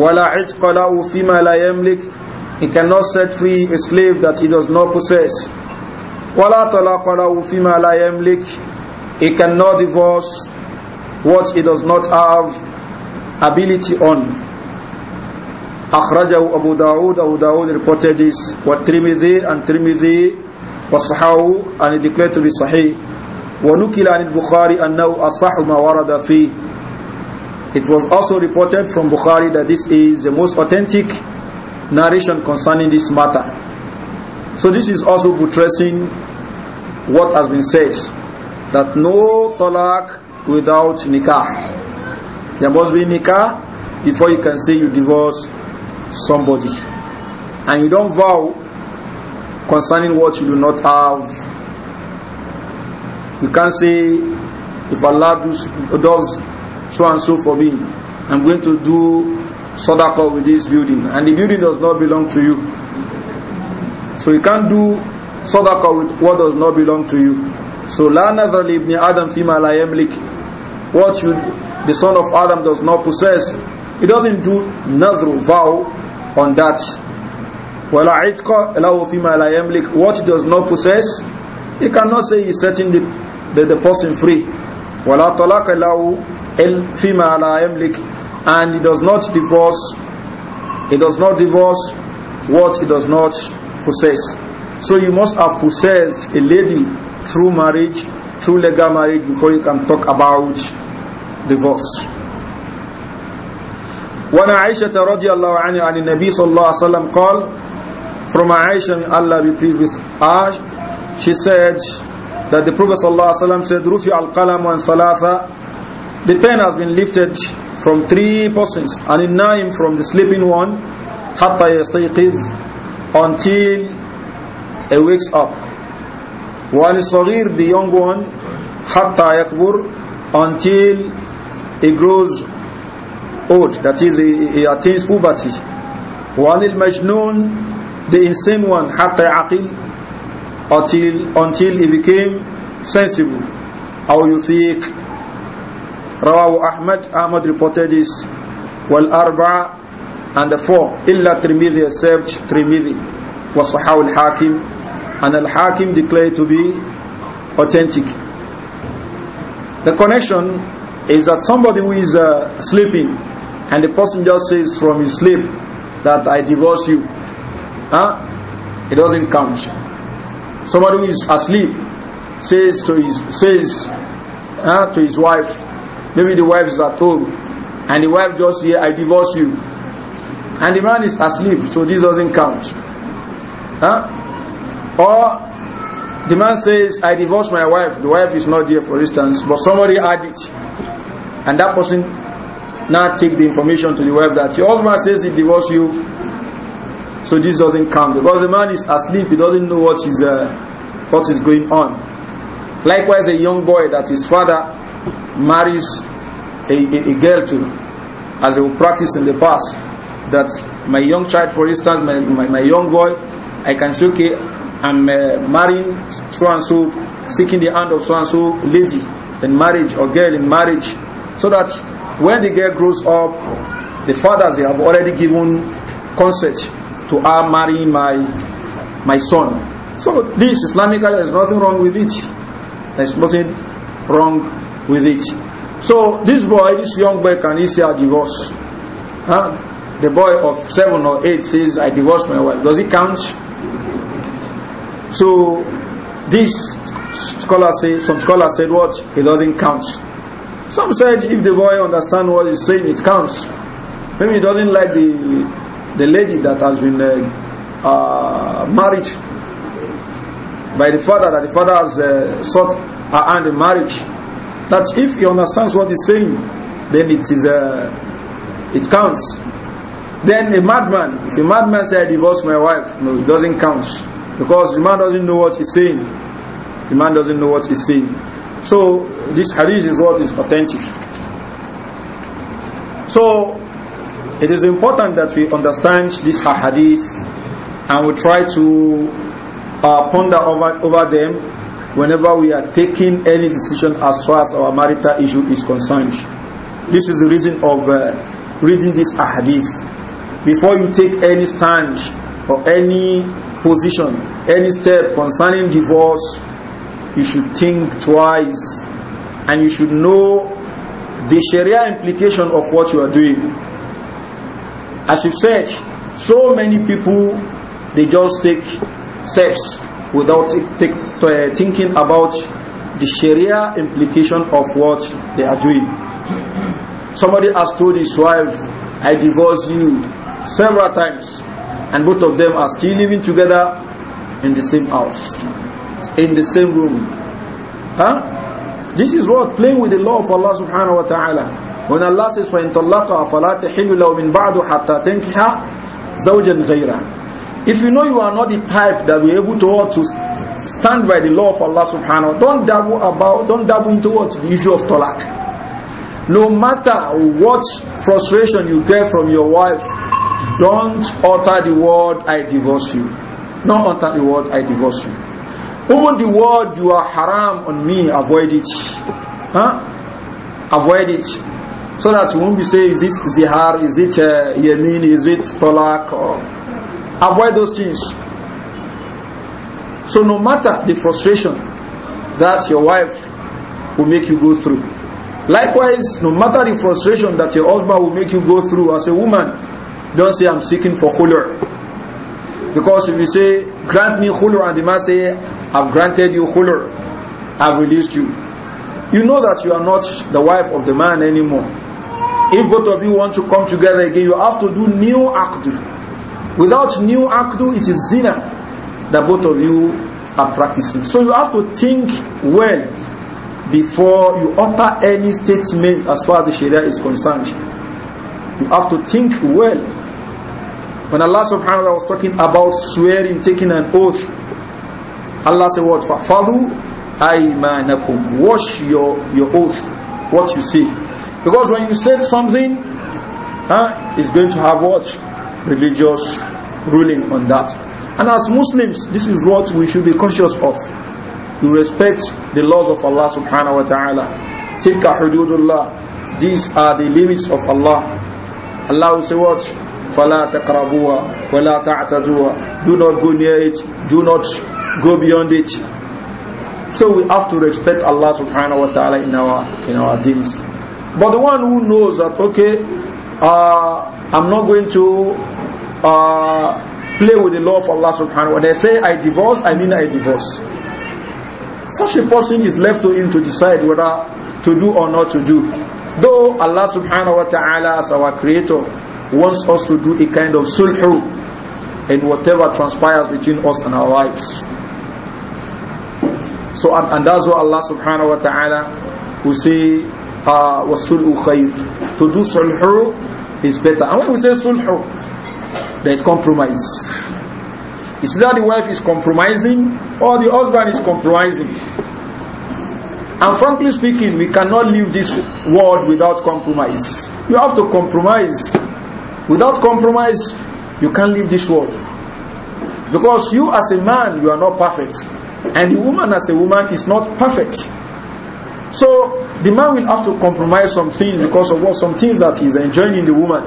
وَلَا عِتْقَ لَهُ فِي مَا لَا يَمْلِكْ He cannot set free a slave that he does not possess. وَلَا طَلَاقَ لَهُ فِيمَا لَا يَمْلِكْ He cannot divorce what he does not have ability on. أخرجه أبو داود أبو داود reported this والترمذي and ترمذي وصحاه and he declared to be صحيح ونكل عن البخاري أنه أصح ما ورد فيه It was also reported from Bukhari that this is the most authentic narration concerning this matter. So this is also buttressing what has been said, that no talak without nikah. There must be nikah before you can say you divorce somebody. And you don't vow concerning what you do not have. You can't say, if Allah does, does so and so for me, I'm going to do sadaqah with this building. And the building does not belong to you. So you can't do sadaqah with what does not belong to you. So la nadhar li ibn Adam fima la yamlik. What you, the son of Adam does not possess, he doesn't do nadhru vow on that. Wala itqa lahu fima la yamlik. What he does not possess, he cannot say he's setting the, the, the person free. Wala talaqa lahu fima la yamlik. And he does not divorce. He does not divorce what he does not possess. So you must have possessed a lady through marriage, through legal marriage, before you can talk about divorce. وعن عائشة رضي الله عنها عن النبي صلى الله عليه وسلم قال from Aisha Allah be pleased with her she said that the Prophet صلى الله عليه وسلم said رفع القلم عن ثلاثة the pen has been lifted from three persons and in nine from the sleeping one حتى يستيقظ until he wakes up. وَلِصَغِيرٍ The young one حَتَّى يَكْبُرْ Until he grows old, that is, he, he attains puberty. known, The insane one حَتَّى يَعْقِلْ until until he became sensible How you think? أحمد Ahmad reported this والأربعة and the four illa Tirmidhi except Tirmidhi was Sahaw al-Hakim and al-Hakim declared to be authentic the connection is that somebody who is uh, sleeping and the person just says from his sleep that I divorce you huh? it doesn't count somebody who is asleep says to his says uh, to his wife maybe the wife is at home and the wife just says I divorce you and the man is asleep so this doesn't count huh? or the man says I divorced my wife the wife is not there for instance but somebody had it and that person now take the information to the wife that your husband says he divorced you so this doesn't count because the man is asleep he doesn't know what is uh, what is going on likewise a young boy that his father marries a, a, a girl to as they will practice in the past that my young child, for instance, my, my, my young boy, I can say, okay, I'm uh, marrying so and so, seeking the hand of so and so lady in marriage or girl in marriage, so that when the girl grows up, the fathers they have already given consent to her marrying my my son. So this Islamically, there's nothing wrong with it. There's nothing wrong with it. So this boy, this young boy, can easily divorce. Huh? the boy of seven or eight says, I divorced my wife, does it count? So, this scholar say, some scholar said what? It doesn't count. Some said if the boy understand what he's saying, it counts. Maybe he doesn't like the the lady that has been uh, uh, married by the father, that the father has uh, sought her hand in marriage. That if he understands what he's saying, then it is uh, it counts. Then a madman, if a madman says, I divorce my wife, no, it doesn't count. Because the man doesn't know what he's saying. The man doesn't know what he's saying. So this hadith is what is authentic. So it is important that we understand this hadith and we try to uh, ponder over, over them whenever we are taking any decision as far as our marital issue is concerned. This is the reason of uh, reading this hadith before you take any stand or any position, any step concerning divorce, you should think twice and you should know the Sharia implication of what you are doing. As you said, so many people they just take steps without take, uh, thinking about the Sharia implication of what they are doing. Somebody has told his wife, I divorce you several times and both of them are still living together in the same house in the same room huh? this is what playing with the law of Allah subhanahu wa ta'ala when Allah says فَإِن طَلَّقَ فَلَا تَحِلُّ لَوْ مِن بَعْدُ حَتَّى تَنْكِحَ if you know you are not the type that will able to, to stand by the law of Allah subhanahu wa ta'ala don't dabble about don't dabble into what the issue of talaq no matter what frustration you get from your wife don't utter the word I divorce you. Don't utter the word I divorce you. Even the word you are haram on me, avoid it. Huh? Avoid it. So that you won't be saying, is it zihar, is it uh, yamin, is it talak? Or... Avoid those things. So no matter the frustration that your wife will make you go through. Likewise, no matter the frustration that your husband will make you go through as a woman, don't say I'm seeking for hulur, Because if you say, grant me hulur," and the man say, I've granted you hulur, I've released you. You know that you are not the wife of the man anymore. If both of you want to come together again, you have to do new akdu. Without new akdu, it is zina that both of you are practicing. So you have to think well before you utter any statement as far as the Sharia is concerned. You have to think well when Allah subhanahu wa ta'ala was talking about swearing, taking an oath, Allah said what? فَفَضُوا أَيْمَانَكُمْ Wash your, your oath, what you say. Because when you said something, huh, it's going to have what? Religious ruling on that. And as Muslims, this is what we should be conscious of. We respect the laws of Allah subhanahu wa ta'ala. تِلْكَ حُدُودُ These are the limits of Allah. Allah will say what? Fala taqrabuha wala ta'taduha. Do not go near it. Do not go beyond it. So we have to respect Allah subhanahu wa ta'ala in our in our deeds. But the one who knows that okay, uh, I'm not going to uh, play with the law of Allah subhanahu wa ta'ala. They say I divorce, I mean I divorce. Such a person is left to him to decide whether to do or not to do. Though Allah subhanahu wa ta'ala as our creator wants us to do a kind of sulhu in whatever transpires between us and our wives. So and, and that's what Allah subhanahu wa ta'ala will say uh, وَالسُلْءُ To do sulhu is better. And when we say sulhu, there is compromise. It's either the wife is compromising or the husband is compromising. And frankly speaking, we cannot leave this world without compromise. You have to compromise Without compromise, you can't leave this world. Because you as a man, you are not perfect. And the woman as a woman is not perfect. So the man will have to compromise some things because of what some things that he's enjoying in the woman.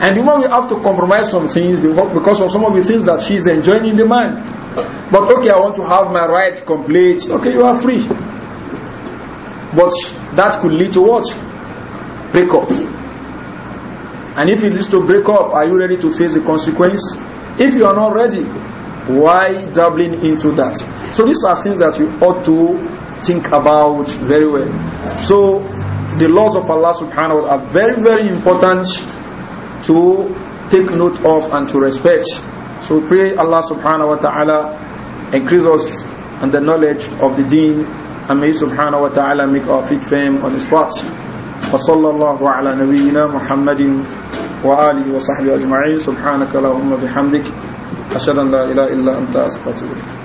And the woman will have to compromise some things because of some of the things that she's enjoying in the man. But okay, I want to have my right complete. Okay, you are free. But that could lead to what? break up. And if it is to break up, are you ready to face the consequence? If you are not ready, why dabbling into that? So these are things that you ought to think about very well. So the laws of Allah subhanahu wa ta'ala are very, very important to take note of and to respect. So we pray Allah subhanahu wa ta'ala increase us and the knowledge of the deen and may subhanahu wa ta'ala make our feet firm on his path. وصلى الله على نبينا محمد وآله وصحبه أجمعين سبحانك اللهم بحمدك أشهد أن لا إله إلا أنت أستغفرك